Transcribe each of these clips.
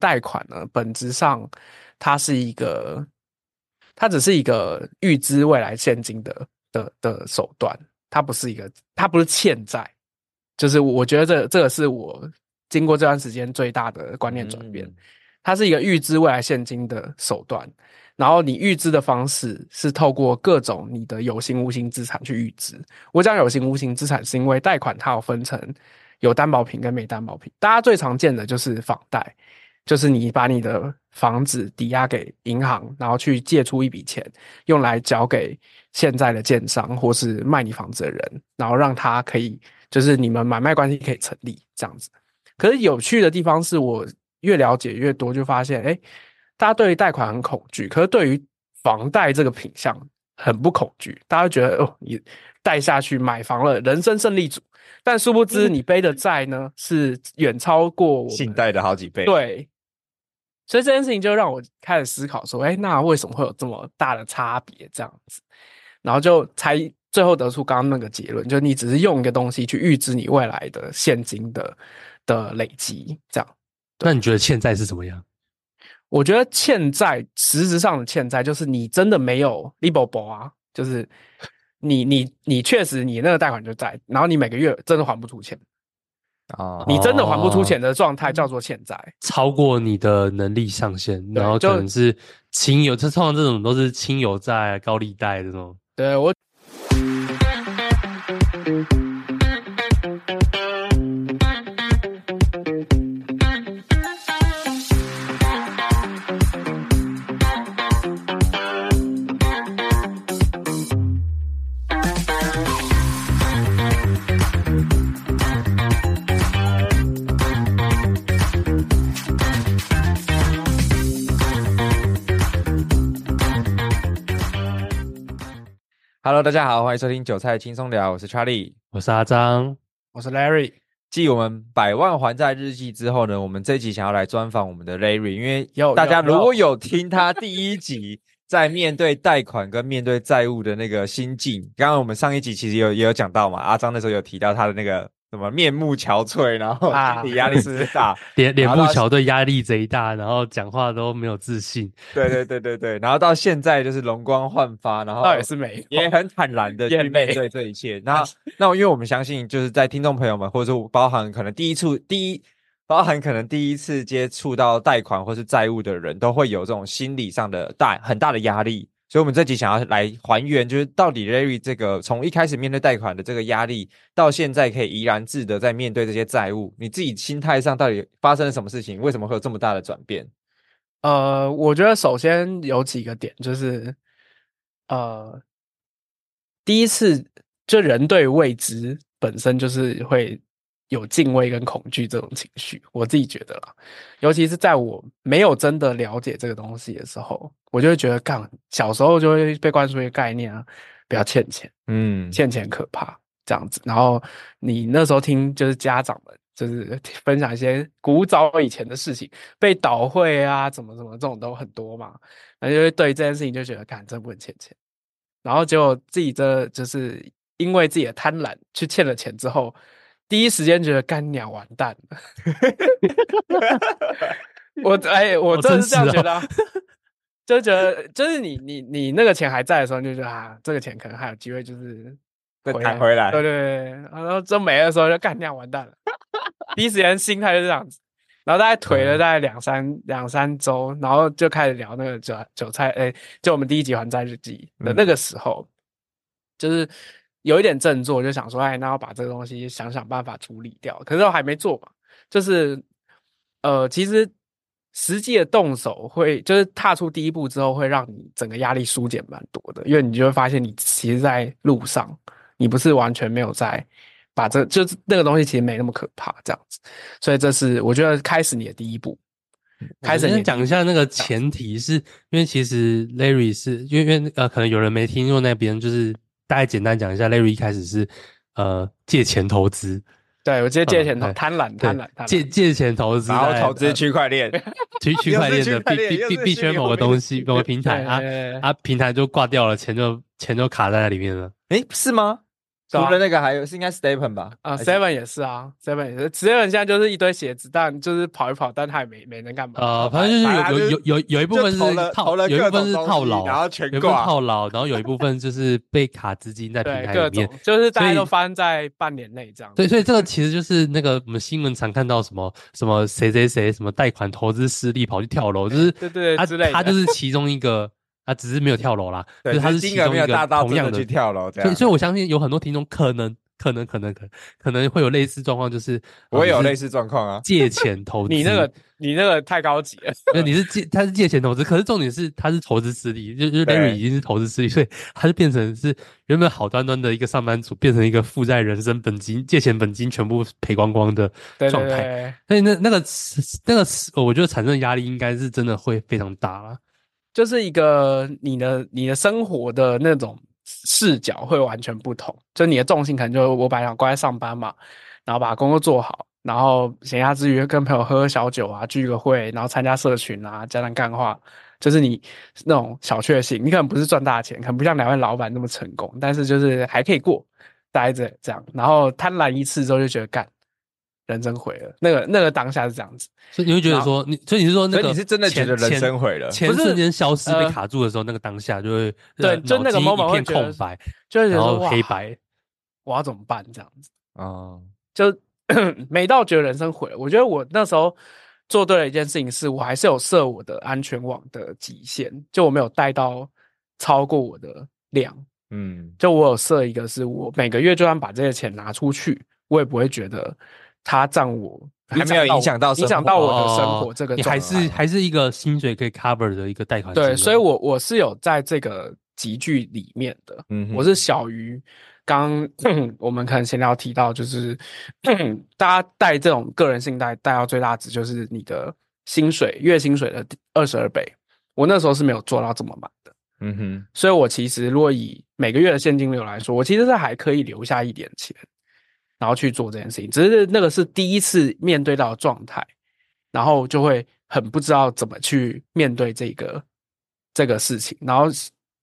貸款呢，本質上它是一個，它只是一個預支未來現金的的的手段，它不是一個，它不是欠債。就是我覺得這個、這個是我經過這段時間最大的觀念轉變。嗯、它是一個預支未來現金的手段，然後你預支的方式是透過各種你的有形無形資產去預支。我講有形無形資產是因為貸款它有分成有擔保品跟沒擔保品，大家最常見的就是房貸。就是你把你的房子抵押給銀行，然後去借出一筆錢，用來交給現在的建商或是賣你房子的人，然後讓他可以，就是你們買賣關係可以成立這樣子。可是有趣的地方是我越了解越多，就發現，誒，大家對於貸款很恐懼，可是對於房貸這個品項很不恐懼，大家覺得哦，你貸下去買房了，人生勝利組。但殊不知你背的債呢，嗯、是遠超過我信貸的好幾倍。對。所以這件事情就讓我開始思考說，哎、欸，那為什麼會有這麼大的差別這樣子？然後就才最後得出剛剛那個結論，就你只是用一個東西去預支你未來的現金的的累積這樣。那你覺得欠債是怎麼樣？我覺得欠債，實質上的欠債就是你真的沒有利寶寶啊，就是你你你確實你那個貸款就在，然後你每個月真的還不出錢。啊、oh，你真的還不出錢的狀態叫做欠債，哦，超過你的能力上限，嗯、然後可能是親友，就通常這種都是親友債、高利貸這種。對，我。哈嘍，大家好，歡迎收聽韭菜輕鬆聊，我是 Charlie，我是阿張，嗯，我是 Larry。繼我們百萬還債日記之後呢，我們這一集想要來專訪我們的 Larry，因為大家如果有聽他第一集在，yo, yo, yo. 在面對貸款跟面對債務的那個心境，剛剛我們上一集其實也有也有講到嘛，阿張那時候有提到他的那個。什麼面目憔悴，然後啊，你壓力是不是大？臉臉部憔悴，壓力賊大，然後講 話都沒有自信 對對對對對，對，然後到現在就是容光煥發，然後倒也是美，也很坦然的面對這一切，啊。那 那因為我們相信，就是在聽眾朋友們，或者說包含可能第一次第一包含可能第一次接觸到貸款或是債務的人都會有這種心理上的大很大的壓力。所以，我們這集想要來還原，就是到底 Larry 這個從一開始面對貸款的這個壓力，到現在可以怡然自得在面對這些債務，你自己心態上到底發生了什麼事情？為什麼會有這麼大的轉變？呃，我覺得首先有幾個點，就是呃，第一次，就人對未知本身就是會。有敬畏跟恐懼這種情緒，我自己覺得啦，尤其是在我沒有真的了解這個東西的時候，我就會覺得，幹小時候就會被灌輸一個概念啊，不要欠錢，嗯，欠錢可怕這樣子。然後你那時候聽就是家長們就是分享一些古早以前的事情，被倒會啊，怎麼怎麼這種都很多嘛，然後就會對這件事情就覺得，幹真不能欠錢，然後結果自己這就是因為自己的貪婪去欠了錢之後。第一時間覺得幹鳥完蛋了 我，欸，我我真的是這樣覺得，啊，哦，就是覺得，就是你你你那個錢還在的時候，就覺得啊，這個錢可能還有機會，就是被彈回來，回來對對對，然後真沒的時候就幹鳥完蛋了， 第一時間心態就是這樣子。然後大概頹了大概兩三兩三周，然後就開始聊那個韭韭菜，哎，欸，就我們第一集還債日記的那個時候，嗯，就是。有一點振作，就想說，哎，那我把這個東西想想辦法處理掉。可是我還沒做嘛，就是，呃，其實實際的動手會，就是踏出第一步之後，會讓你整個壓力紓解蠻多的，因為你就會發現，你其實在路上，你不是完全沒有在把這就是那個東西，其實沒那麼可怕，這樣子。所以這是我覺得開始你的第一步。開始你的第一步，嗯，先講一下那個前提是，是因為其實 Larry 是因為因為呃，可能有人沒聽過那邊就是。大概簡單講一下，Larry 一開始是，呃，借錢投資，對我直接借錢貪、嗯、婪貪婪貪婪，婪借借錢投資，然後投資區塊鏈，區區塊鏈的必必必必須某個東西某個平台，對對對對，啊啊，平台就掛掉了，錢就錢就卡在那裡面了，誒、欸，是嗎？除了那個還有、啊、是應該 STEPN 吧，啊 STEPN 也是啊，STEPN 也是，STEPN 現在就是一堆鞋子，但就是跑一跑，但他也沒沒能幹嘛啊、呃，反正就是有有有有有一部分是套有一部分是套牢有一部分是套牢，然後全部套牢，然後有一部分就是被卡資金在平台裡面， 對就是大家都發生在半年內這樣，對，所以這個其實就是那個我們新聞常看到什麼什麼誰誰誰什麼貸款投資失利跑去跳樓，就是 對對，對、啊、之類的他就是其中一個。 啊，只是沒有跳樓啦，他、就是他是其中一個，同樣的金額沒有大到真的去跳樓，所以所以我相信有很多聽眾可,可能可能可能可可能會有類似狀況，就是我也有類似狀況啊。啊借錢投資， 你那個你那個太高級了，那 你是借他是借錢投資，可是重點是他是投資失利，就就 Larry 已經是投資失利，所以他就變成是原本好端端的一個上班族，變成一個負債人生，本金借錢本金全部賠光光的狀態。所以那那個那個，那個、我覺得產生的壓力應該是真的會非常大了。就是一個，你的你的生活的那種視角會完全不同，就你的重心可能就我把兩乖上班嘛，然後把工作做好，然後閒暇之餘跟朋友喝喝小酒啊，聚個會，然後參加社群啊，加上幹話，就是你那種小確幸。你可能不是賺大錢，可能不像兩位老板那麼成功，但是就是還可以過，待着這樣，然後貪婪一次之後就覺得幹。人生毀了，那個那個當下是這樣子，所以你會覺得說你，所以你是說那個，那你是真的覺得人生毀了，錢瞬間消失被卡住的時候，呃、那個當下就會對、呃，就那個 moment 空白，就會覺得說黑白、啊，我要怎麼辦這樣子？哦、嗯，就 每到覺得人生毀了。我覺得我那時候做對了一件事情，是我還是有設我的安全網的極限，就我沒有帶到超過我的量，嗯，就我有設一個是我每個月就算把這些錢拿出去，我也不會覺得。他占我還沒有影響到影響到，到我的生活，這個、哦、還是還是一個薪水可以 cover 的一個貸款。對，所以我，我我是有在這個集聚裡面的。嗯，我是小於剛、嗯、我們可能先聊提到，就是、嗯、大家貸這種個人信貸貸到最大值，就是你的薪水月薪水的二十二倍。我那時候是沒有做到這麼滿的。嗯哼，所以我其實如果以每個月的現金流來說，我其實是還可以留下一點錢。然後去做這件事情，只是那個是第一次面對到的狀態，然後就會很不知道怎麼去面對這個這個事情。然後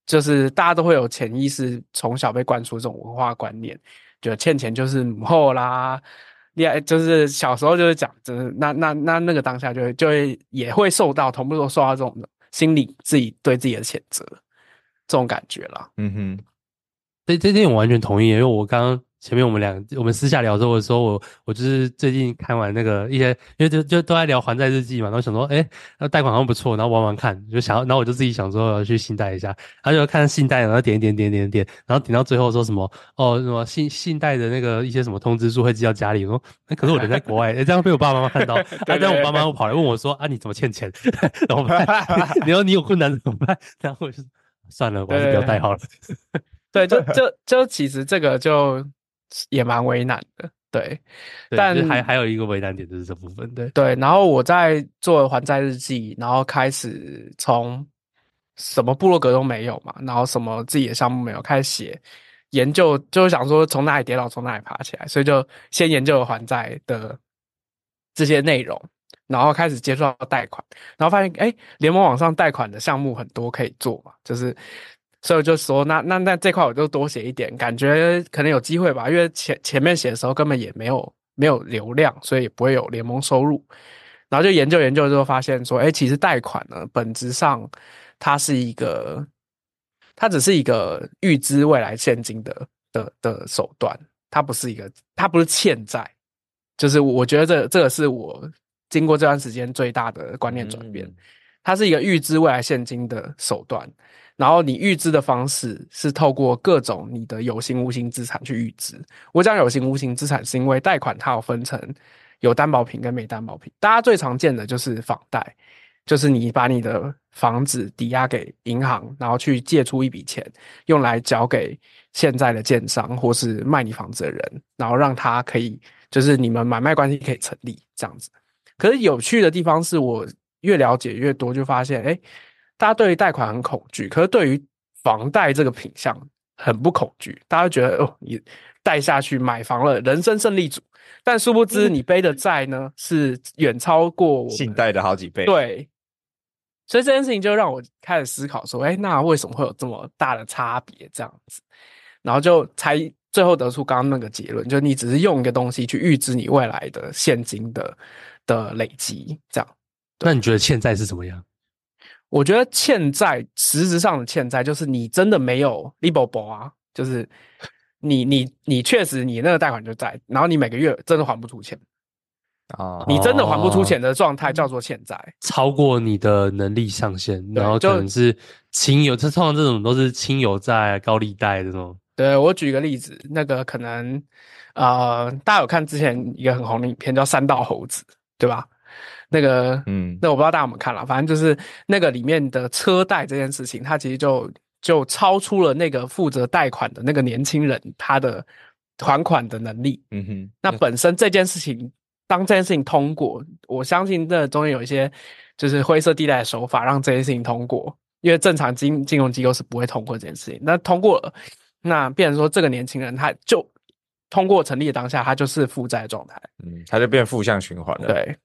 就是大家都會有潛意識，從小被灌輸這種文化觀念，就欠錢就是母後啦，也就是小時候就是講，就是那那那那個當下就會就會也會受到同步都受到這種心理自己對自己的譴責，這種感覺啦。嗯哼，這這點我完全同意，因為我剛剛。前面我們兩，我們私下聊的時候，我說我我就是最近看完那個一些，因為就就都在聊還債日記嘛，然後想說，誒那貸款好像不錯，然後玩玩看，就想要，然後我就自己想說我要去信貸一下，然後就看信貸，然後點一點點點點，然後點到最後說什麼哦什麼信信貸的那個一些什麼通知書會寄到家裡，我說那可是我人在國外， 誒這樣被我爸爸媽媽看到，然 後、啊、我爸媽,媽我跑來問我說啊你怎麼欠錢，然後 你說你有困難怎麼辦？然後我就算了，我還是不要貸好了。對, 對，就就就其實這個就。也蠻為難的，對，但還還有一個為難點就是這部分，對對。然後我在做了還債日記，然後開始從什麼部落格都沒有嘛，然後什麼自己的項目沒有，開始寫研究，就是想說從哪裡跌倒從哪裡爬起來，所以就先研究了還債的這些內容，然後開始接觸到貸款，然後發現誒，聯盟網上貸款的項目很多可以做嘛，就是。所以我就說，那那那，那這塊我就多寫一點，感覺可能有機會吧，因為前前面寫的時候根本也沒有沒有流量，所以也不會有聯盟收入。然後就研究研究之後發現說，哎，其實貸款呢，本質上它是一個，它只是一個預支未來現金的的的手段，它不是一個，它不是欠債。就是我覺得這個、這個是我經過這段時間最大的觀念轉變，嗯、它是一個預支未來現金的手段。然後你預支的方式是透過各種你的有形無形資產去預支。我講有形無形資產是因為貸款它有分成有擔保品跟沒擔保品。大家最常見的就是房貸，就是你把你的房子抵押給銀行，然後去借出一筆錢，用來交給現在的建商或是賣你房子的人，然後讓他可以，就是你們買賣關係可以成立這樣子。可是有趣的地方是我越了解越多，就發現哎。大家對於貸款很恐懼，可是對於房貸這個品項很不恐懼。大家覺得哦，你貸下去買房了，人生勝利組。但殊不知你背的債呢，嗯、是遠超過我信貸的好幾倍。對，所以這件事情就讓我開始思考說，哎、欸，那為什麼會有這麼大的差別？這樣子，然後就才最後得出剛剛那個結論，就你只是用一個東西去預支你未來的現金的的累積，這樣。那你覺得現在是怎麼樣？我覺得欠債，實質上的欠債就是你真的沒有 l i b 啊，就是你你你確實你那個貸款就在，然後你每個月真的還不出錢啊、哦，你真的還不出錢的狀態叫做欠債，超過你的能力上限，嗯、然後可能是就是親友，這通常這種都是親友債、高利貸這種。對，我舉一個例子，那個可能呃，大家有看之前一個很紅的影片叫《山道猴子》，對吧？那個，嗯，那我不知道大家有沒有看了，反正就是那個裡面的車貸這件事情，它其實就就超出了那個負責貸款的那個年輕人他的還款款的能力。嗯哼，那本身這件事情，當這件事情通過，我相信這中間有一些就是灰色地帶的手法讓這件事情通過，因為正常金金融機構是不會通過這件事情。那通過，那變成說這個年輕人他就通過成立的當下，他就是負債狀態，嗯，他就變負向循環了，對。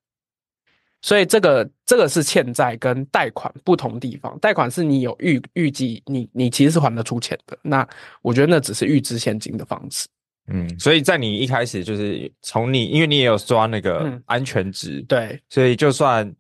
所以這個這個是欠債跟貸款不同地方，貸款是你有預預計你你其實是還得出錢的，那我覺得那只是預支現金的方式。嗯，所以在你一開始就是從你，因為你也有刷那個安全值，嗯、對，所以就算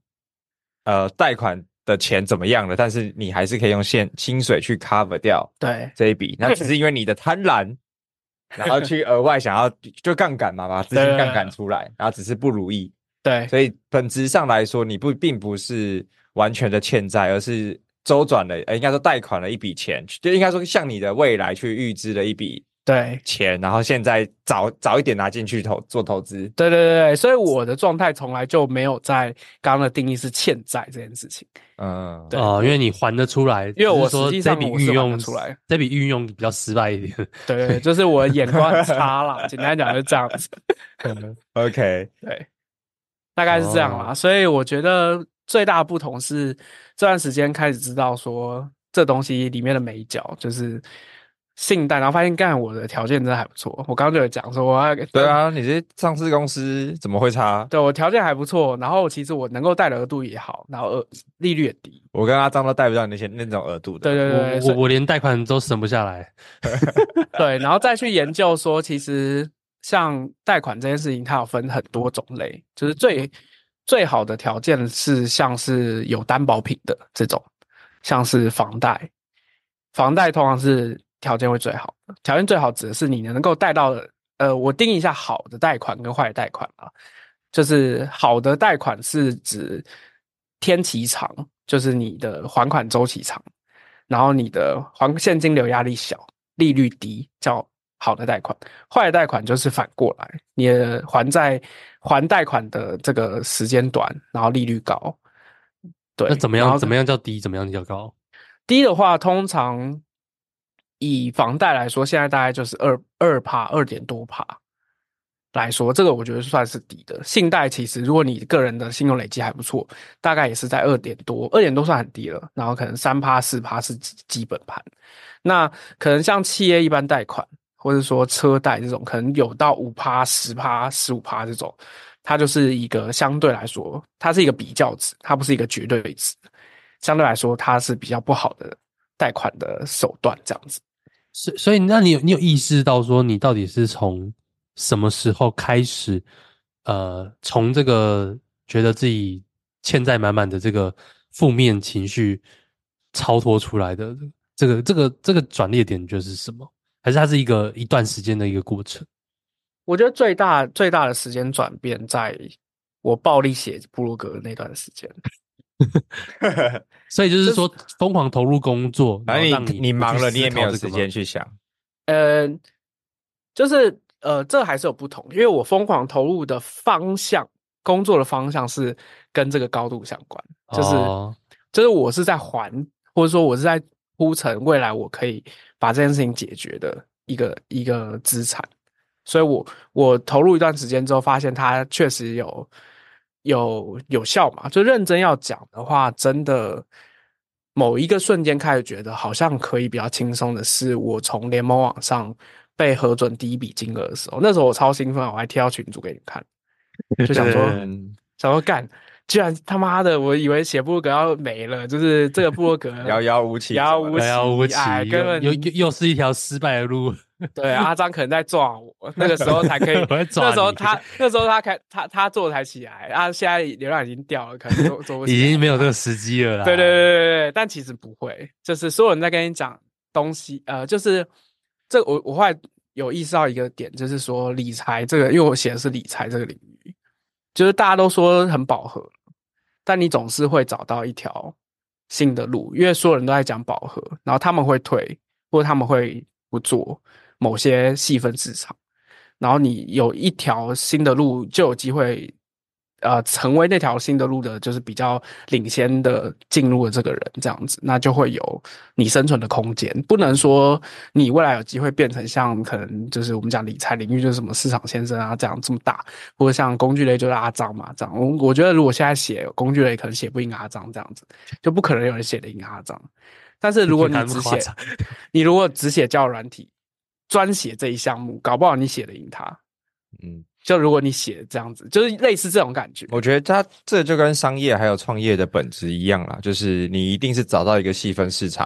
呃貸款的錢怎麼樣了，但是你還是可以用現薪水去 cover 掉對這一筆，那只是因為你的貪婪， 然後去額外想要就槓桿嘛，把資金槓桿出來，對對對，然後只是不如意。對，所以本質上來說，你不並不是完全的欠債，而是周轉了，呃，應該說貸款了一筆錢，就應該說向你的未來去預支了一筆對錢，然後現在早早一點拿進去投做投資。對對對，所以我的狀態從來就沒有在剛剛的定義是欠債這件事情。嗯、對、呃、因為你還得出來，因為我說這筆運用出來，這筆運用比較失敗一點。對對，對，就是我的眼光差了， 簡單講就這樣子。可能 OK 對。Okay. 對大概是這樣啦。oh，所以我覺得最大的不同是這段時間開始知道說這東西裡面的眉角，就是信貸，然後發現幹我的條件真的還不錯。我剛剛就有講說，我要給，對啊，你這上市公司怎麼會差？對，我條件還不錯，然後其實我能夠貸的額度也好，然後額利率也低。我跟阿璋都貸不到那些那種額度的。對對對，我我連貸款都省不下來 。 對，然後再去研究說其實。像貸款這件事情，它要分很多種類。就是最最好的條件是，像是有擔保品的這種，像是房貸。房貸通常是條件會最好，條件最好指的是你能夠貸到。呃，我定義一下好的貸款跟壞的貸款啊，就是好的貸款是指天期長，就是你的還款週期長，然後你的還現金流壓力小，利率低，叫。好的貸款，壞的貸款就是反過來。你還債還貸款的這個時間短，然後利率高。對，那怎麼樣？怎麼樣叫低？怎麼樣叫高？低的話，通常以房貸來說，現在大概就是二二趴，二點多趴來說，這個我覺得算是低的。信貸其實，如果你個人的信用累積還不錯，大概也是在二點多，二點多算很低了。然後可能三趴、四趴是基基本盤。那可能像企業一般貸款。或者說車貸這種，可能有到五趴、十趴、十五趴這種，它就是一個相對來說，它是一個比較值，它不是一個絕對值。相對來說，它是比較不好的貸款的手段，這樣子。所所以，那你有你有意識到說，你到底是從什麼時候開始，呃，從這個覺得自己欠債滿滿的這個負面情緒超脫出來的，這個，這個這個這個轉捩點就是什麼？還是它是一個一段時間的一個過程。我覺得最大最大的時間轉變，在我暴力寫部落格那段時間。 所以就是說瘋、就是、狂投入工作，然後，你你忙了，你也沒有時間去想。呃，就是呃，這還是有不同，因為我瘋狂投入的方向，工作的方向是跟這個高度相關，就是、哦、就是我是在還或者說我是在鋪陳未來我可以把這件事情解決的一個一個資產，所以我我投入一段時間之後，發現它確實有有有效嘛。就認真要講的話，真的某一個瞬間開始覺得好像可以比較輕鬆的是，我從聯盟網上被核准第一筆金額的時候，那時候我超興奮，我還貼到群組給你們看，就想說，嗯、想說幹。居然他媽的，我以為寫部落格要沒了，就是這個部落格遙遙無期，遙遙無期，哎，根本又又又是一條失敗的路。對，阿 張，啊，可能在撞我，那個時候才可以。 那時候他 那時候他開他他做才起來，他，啊，現在流量已經掉了，可能做做不起來 已經沒有這個時機了啦。對對對對對，但其實不會，就是所有人在跟你講東西，呃，就是這我我後來有意識到一個點，就是說理財這個，因為我寫的是理財這個領域，就是大家都說很飽和。但你總是會找到一條新的路，因為所有人都在講飽和，然後他們會退，或者他們會不做某些細分市場，然後你有一條新的路，就有機會。呃，成為那條新的路的就是比較領先的進入的這個人這樣子，那就會有你生存的空間。不能說你未來有機會變成像可能就是我們講理財領域就是什麼市場先生啊這樣這麼大，或者像工具類就是阿璋嘛這樣。我我覺得如果現在寫工具類可能寫不贏阿璋這樣子，就不可能有人寫得贏阿璋。但是如果你只寫， 他那麼誇張 你如果只寫教軟體，專寫這一項目，搞不好你寫得贏他。嗯。就如果你寫這樣子，就是類似這種感覺。我覺得它這就跟商業還有創業的本質一樣啦，就是你一定是找到一個細分市場，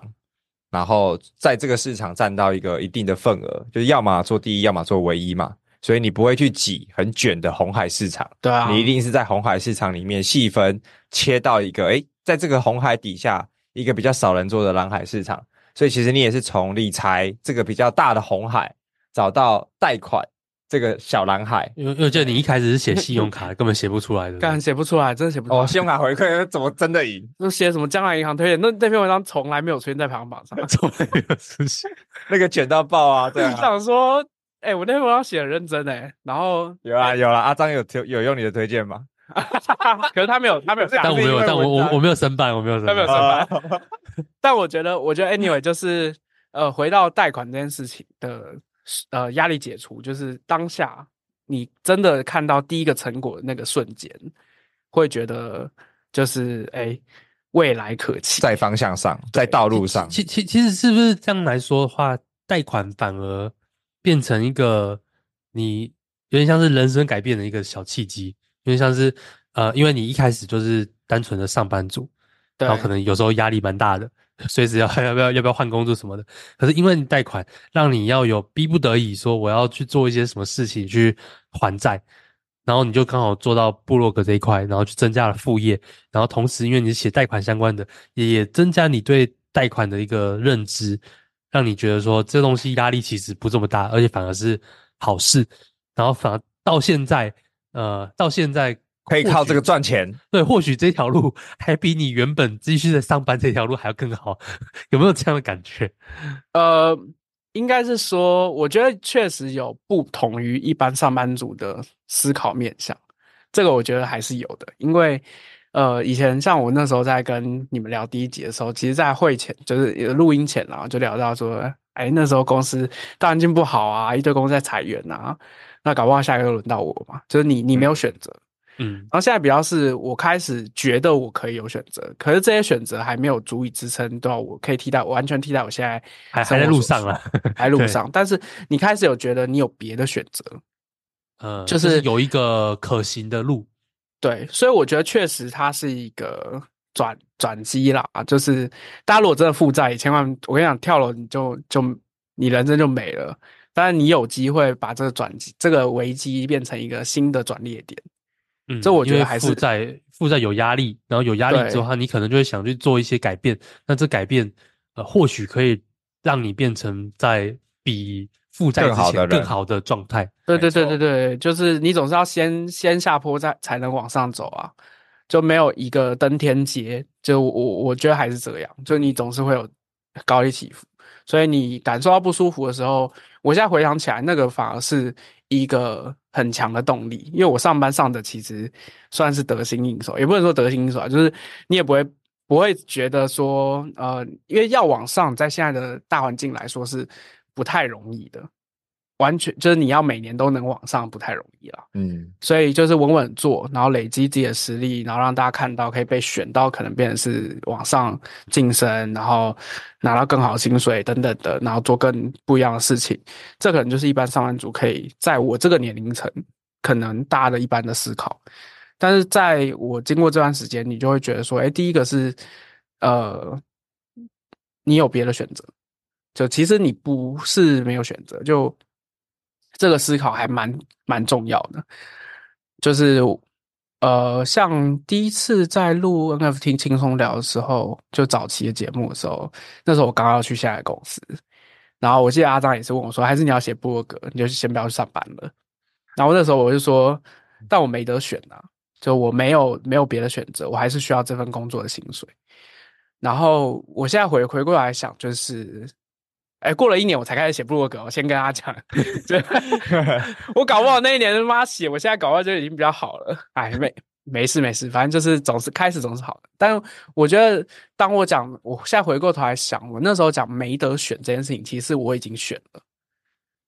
然後在這個市場佔到一個一定的份額，就是要麼做第一，要麼做唯一嘛。所以你不會去擠很捲的紅海市場，對啊，你一定是在紅海市場裡面細分切到一個，哎、欸，在這個紅海底下一個比較少人做的藍海市場。所以其實你也是從理財這個比較大的紅海找到貸款。這個小男孩，因為因為覺得，你一開始是寫信用卡， 根本寫不出來的，根寫不出來，真的寫不出來。哦，信用卡回饋怎麼真的贏？ 那寫什麼？江南銀行推薦？那那篇文章從來沒有出現在排行榜上，從來沒有出現 那個卷到爆啊！對啊，想、就是、說，哎、欸，我那篇文章寫的認真哎、欸，然後有啊，有，啊、欸、有啊，有啊，阿張有有有用你的推薦嗎？ 可是他沒有，他沒有 但我沒， 沒有，但我 我我沒有申辦我沒有申辦， 他沒有申辦 但我覺得，我覺得，anyway，就是呃，回到貸款這件事情的。呃，壓力解除就是當下你真的看到第一個成果的那個瞬間，會覺得就是哎、欸，未來可期。在方向上，在道路上，其其其實是不是這樣來說的話，貸款反而變成一個你有點像是人生改變的一個小契機，因為像是呃，因為你一開始就是單純的上班族對，然後可能有時候壓力蠻大的。隨時要要不要要不要換工作什麼的，可是因為你貸款讓你要有逼不得已說我要去做一些什麼事情去還債，然後你就剛好做到部落格這一塊，然後去增加了副業，然後同時因為你寫貸款相關的，也增加你對貸款的一個認知，讓你覺得說這東西壓力其實不這麼大，而且反而是好事，然後反而到現在，呃，到現在。可以靠這個賺錢，對，或許這條路還比你原本繼續在上班這條路還要更好，有沒有這樣的感覺？呃，應該是說，我覺得確實有不同於一般上班族的思考面向，這個我覺得還是有的，因為呃，以前像我那時候在跟你們聊第一集的時候，其實在會前就是錄音前啊，然後就聊到說，哎，那時候公司大環境不好啊，一堆公司在裁員啊，那搞不好下一個輪到我嘛，就是你你沒有選擇。嗯。嗯，然後現在比較是我開始覺得我可以有選擇，可是這些選擇還沒有足以支撐到我可以替代，完全替代我現在還在路上了，還在路上。但是你開始有覺得你有別的選擇，呃、嗯，就是，就是有一個可行的路。對，所以我覺得確實它是一個轉轉機啦，就是大家如果真的負債，千萬我跟你講，跳樓你就就你人生就沒了。但是你有機會把這個轉機，這個危機變成一個新的轉捩點。嗯，這我覺得還是負債，負債有壓力，然後有壓力之後，你可能就會想去做一些改變。那這改變，呃，或許可以讓你變成在比負債之前更好的狀態。對，對對對對對，就是你總是要先先下坡，再才能往上走啊。就沒有一個登天節，就我我覺得還是這樣，就你總是會有高低起伏。所以你感受到不舒服的時候，我現在回想起來，那個反而是一個，很強的動力，因為我上班上的其實算是得心應手，也不能說得心應手啊，就是你也不會不會覺得說呃，因為要往上，在現在的大環境來說是不太容易的。完全就是你要每年都能往上，不太容易了。嗯，所以就是穩穩做，然後累積自己的實力，然後讓大家看到可以被選到，可能變成是往上晉升，然後拿到更好的薪水等等的，然後做更不一樣的事情。這可能就是一般上班族可以在我這個年齡層可能大的一般的思考。但是在我經過這段時間，你就會覺得說，哎，第一個是呃，你有別的選擇，就其實你不是沒有選擇，就。這個思考還蠻蠻重要的，就是，呃，像第一次在錄 NFT 輕鬆聊的時候，就早期的節目的時候，那時候我剛剛要去下一個公司，然後我記得阿張也是問我說，還是你要寫部落格，你就先不要去上班了。然後那時候我就說，但我沒得選吶、啊，就我沒有沒有別的選擇，我還是需要這份工作的薪水。然後我現在回回過來想，就是。哎、欸，過了一年我才開始寫部落格，我先跟他講， 就 我搞不好那一年他媽寫，我現在搞不好就已經比較好了。哎，沒沒事沒事，反正就是總是開始總是好的。但我覺得，當我講，我現在回過頭來想，我那時候講沒得選這件事情，其實我已經選了，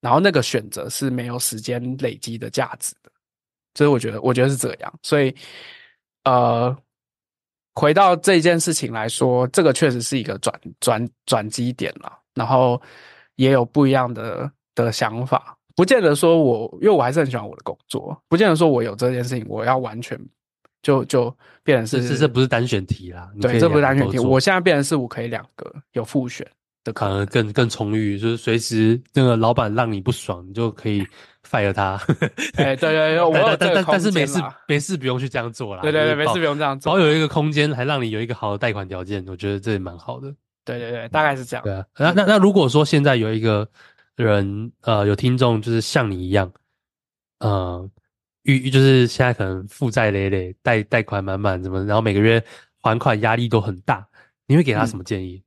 然後那個選擇是沒有時間累積的價值的。所以我覺得，我覺得是這樣。所以，呃，回到這件事情來說，這個確實是一個轉轉轉機點了。然後也有不一樣的的想法，不見得說我，因為我還是很喜歡我的工作，不見得說我有這件事情，我要完全就就變成是是，是，這不是單選題啦，對，這不是單選題，我現在變成是我可以兩個有複選的，可能、嗯、更更充裕，就是隨時那個老闆讓你不爽，你就可以 fire 他， 欸、對對對， 我有這個但但但是沒事沒事，不用去這樣做啦，對對對，沒事不用這樣做。保有一個空間，還讓你有一個好的貸款條件，我覺得這也蠻好的。對對對，大概是這樣。對啊、那那，那如果說現在有一個人，呃，有聽眾就是像你一樣，呃，遇遇就是現在可能負債累累，貸貸款滿滿，怎麼，然後每個月還款壓力都很大，你會給他什麼建議？嗯、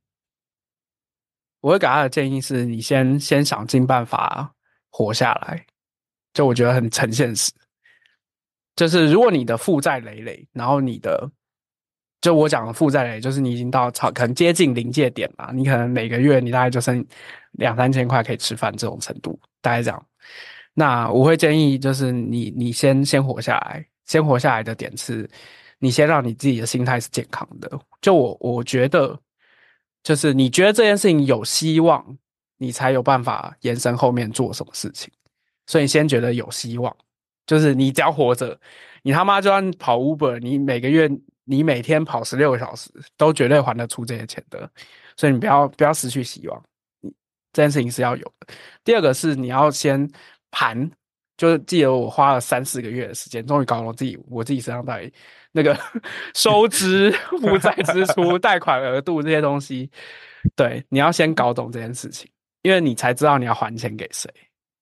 我會給他的建議是，你先先想盡辦法活下來，就我覺得很成現實。就是如果你的負債累累，然後你的就我講的負債，咧，就是你已經到超可能接近臨界點了。你可能每個月你大概就剩兩三千塊可以吃飯這種程度，大概這樣。那我會建議就是你你先先活下來。先活下來的點是，你先讓你自己的心態是健康的。就我我覺得，就是你覺得這件事情有希望，你才有辦法延伸後面做什麼事情。所以先覺得有希望，就是你只要活着，你他媽就算跑 Uber，你每個月。你每天跑十六個小時，都絕對還得出這些錢的，所以你不要不要失去希望。這件事情是要有的。第二個是你要先盤，就是記得我花了三四個月的時間，終於搞懂自己我自己身上到那個收支、負債、支出、貸 款額度這些東西。對，你要先搞懂這件事情，因為你才知道你要還錢給誰。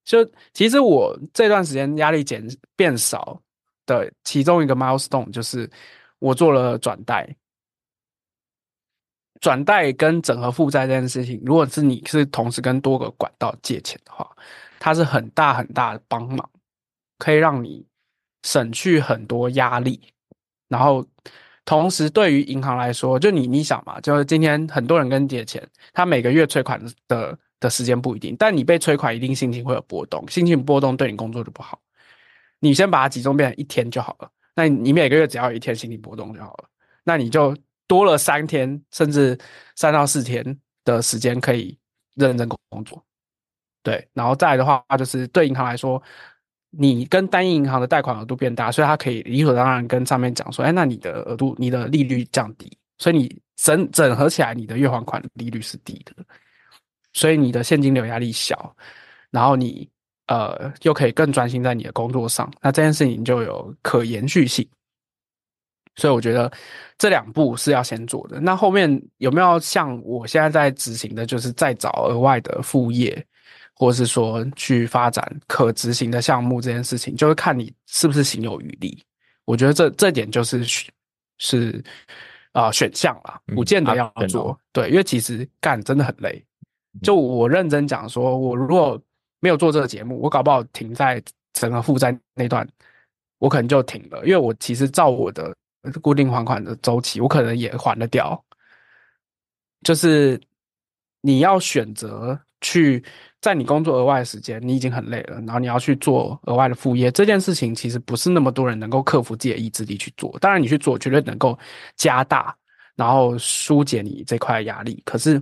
就其實我這段時間壓力減變少的其中一個 milestone 就是。我做了轉貸，轉貸跟整合負債這件事情，如果是你是同時跟多個管道借錢的話，它是很大很大的幫忙，可以讓你省去很多壓力。然後，同時對於銀行來說，就你你想嘛，就是今天很多人跟你借錢，他每個月催款的的時間不一定，但你被催款一定心情會有波動，心情波動對你工作就不好。你先把它集中變成一天就好了。那你每個月只要有一天心理波動就好了，那你就多了三天，甚至三到四天的時間可以認真工工作，對，然後再來的話就是對銀行來說，你跟單一銀行的貸款額度變大，所以它可以理所當然跟上面講說，哎，那你的額度，你的利率降低，所以你整整合起來你的月還款利率是低的，所以你的現金流壓力小，然後你。呃，又可以更專心在你的工作上，那這件事情就有可延續性。所以我覺得這兩步是要先做的。那後面有沒有像我現在在執行的，就是再找額外的副業，或是說去發展可執行的項目？這件事情就是看你是不是行有餘力。我覺得這這點就是是啊，呃，選項啦。不見得要做。嗯啊對。對，因為其實幹真的很累。就我認真講說，我如果。沒有做這個節目，我搞不好停在整個負債那段，我可能就停了，因為我其實照我的固定還款的周期，我可能也還得掉。就是你要選擇去在你工作額外的時間，你已經很累了，然後你要去做額外的副業，這件事情其實不是那麼多人能夠克服自己的意志力去做。當然，你去做絕對能夠加大，然後疏解你這塊壓力，可是。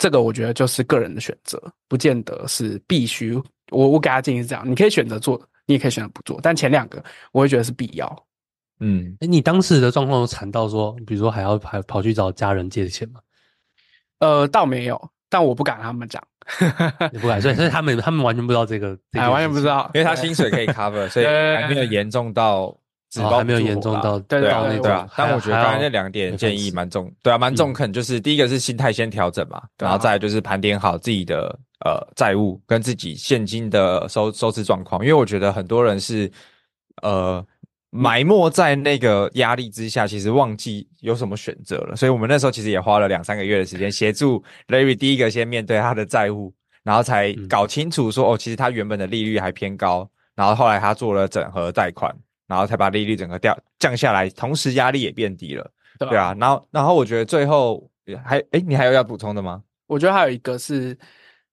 這個我覺得就是個人的選擇，不見得是必須。我我給他建議是這樣：你可以選擇做，你也可以選擇不做。但前兩個，我會覺得是必要。嗯，哎，你當時的狀況都慘到說，比如說還要還跑，跑去找家人借錢嗎？呃，倒沒有，但我不敢跟他們講， 不敢，所以他們他們完全不知道這個， 這完全不知道，因為他薪水可以 cover， 所以還沒有嚴重到。包還沒有嚴重到，對啊對啊。啊啊、但我覺得剛剛那兩點建議蠻重，對啊蠻中肯，就是第一個是心態先調整嘛，然後再就是盤點好自己的呃債務跟自己現金的收收支狀況，因為我覺得很多人是呃埋沒在那個壓力之下，其實忘記有什麼選擇了，所以我們那時候其實也花了兩三個月的時間協助 Larry 第一個先面對他的債務，然後才搞清楚說哦，其實他原本的利率還偏高，然後後來他做了整合貸款。然後才把利率整個掉降下來，同時壓力也變低了對吧？對啊，然後，然後我覺得最後還哎，你還有要補充的嗎？我覺得還有一個是，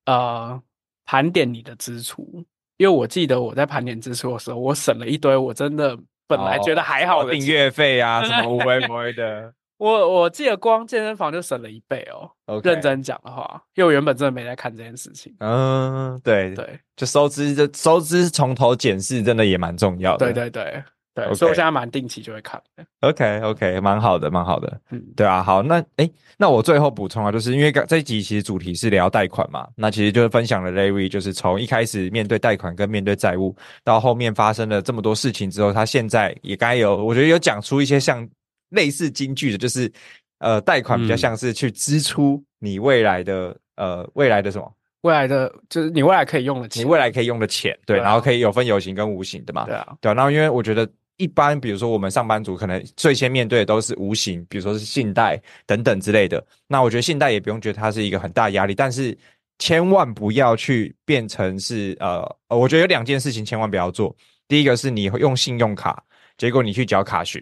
呃，盤點你的支出，因為我記得我在盤點支出的時候，我省了一堆，我真的本來覺得還好的，哦，還訂閱費啊，什麼無微無為的。 我我記得光健身房就省了一倍哦。Okay. 認真講的話，因為我原本真的沒在看這件事情。嗯，對對，就收支就收支從頭檢視，真的也蠻重要的。對對對對，Okay. 所以我現在蠻定期就會看。OK OK，蠻好的，蠻好的。嗯，對啊，好，那哎、欸，那我最後補充啊，就是因為這集其實主題是聊貸款嘛，那其實就是分享了 Larry，就是從一開始面對貸款跟面對債務，到後面發生了這麼多事情之後，他現在也該有，我覺得有講出一些像。類似金句的，就是，呃，貸款比較像是去支出你未來的，嗯、呃，未來的什麼？未來的就是你未來可以用的錢，你未來可以用的錢，對，對啊、然後可以有分有形跟無形的嘛，對啊，對啊。然後因為我覺得，一般比如說我們上班族可能最先面對的都是無形，比如說是信貸等等之類的。那我覺得信貸也不用覺得它是一個很大壓力，但是千萬不要去變成是呃，我覺得有兩件事情千萬不要做。第一個是你用信用卡，結果你去繳卡循。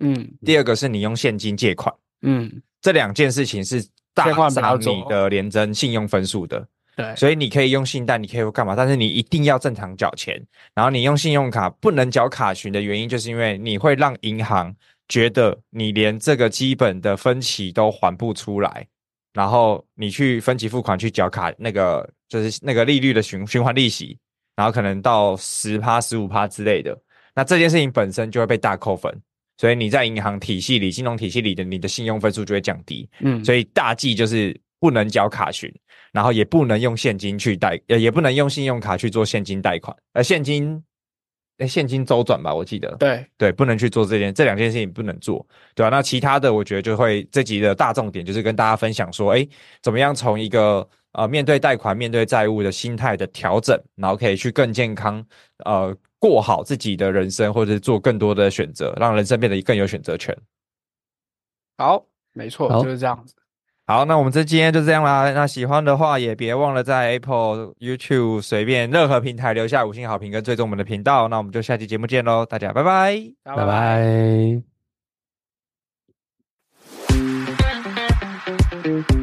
嗯，第二個是你用現金借款，嗯，這兩件事情是大傷你的聯徵信用分數的，哦。對，所以你可以用信貸，你可以幹嘛？但是你一定要正常繳錢。然後你用信用卡不能繳卡循的原因，就是因為你會讓銀行覺得你連這個基本的分期都還不出來，然後你去分期付款去繳卡，那個就是那個利率的循循環利息，然後可能到十趴十五趴之類的。那這件事情本身就會被大扣分。所以你在銀行體系裡，金融體系裡的你的信用分數就會降低。嗯，所以大忌就是不能繳卡巡，然後也不能用現金去貸，也不能用信用卡去做現金貸款，呃，現金，誒、欸、現金周轉吧，我記得。對對，不能去做這件，這兩件事情不能做，對吧、啊？那其他的，我覺得就會這集的大重點就是跟大家分享說，誒、欸、怎麼樣從一個。啊、呃，面對貸款、面對債務的心態的調整，然後可以去更健康，呃，過好自己的人生，或者是做更多的選擇，讓人生變得更有選擇權。好，沒錯，就是這樣子。好，那我們這今天就這樣啦。那喜歡的話，也別忘了在 Apple、YouTube 隨便任何平台留下五星好評，跟追蹤我們的頻道。那我們就下期節目見嘍，大家拜拜，拜拜。拜拜。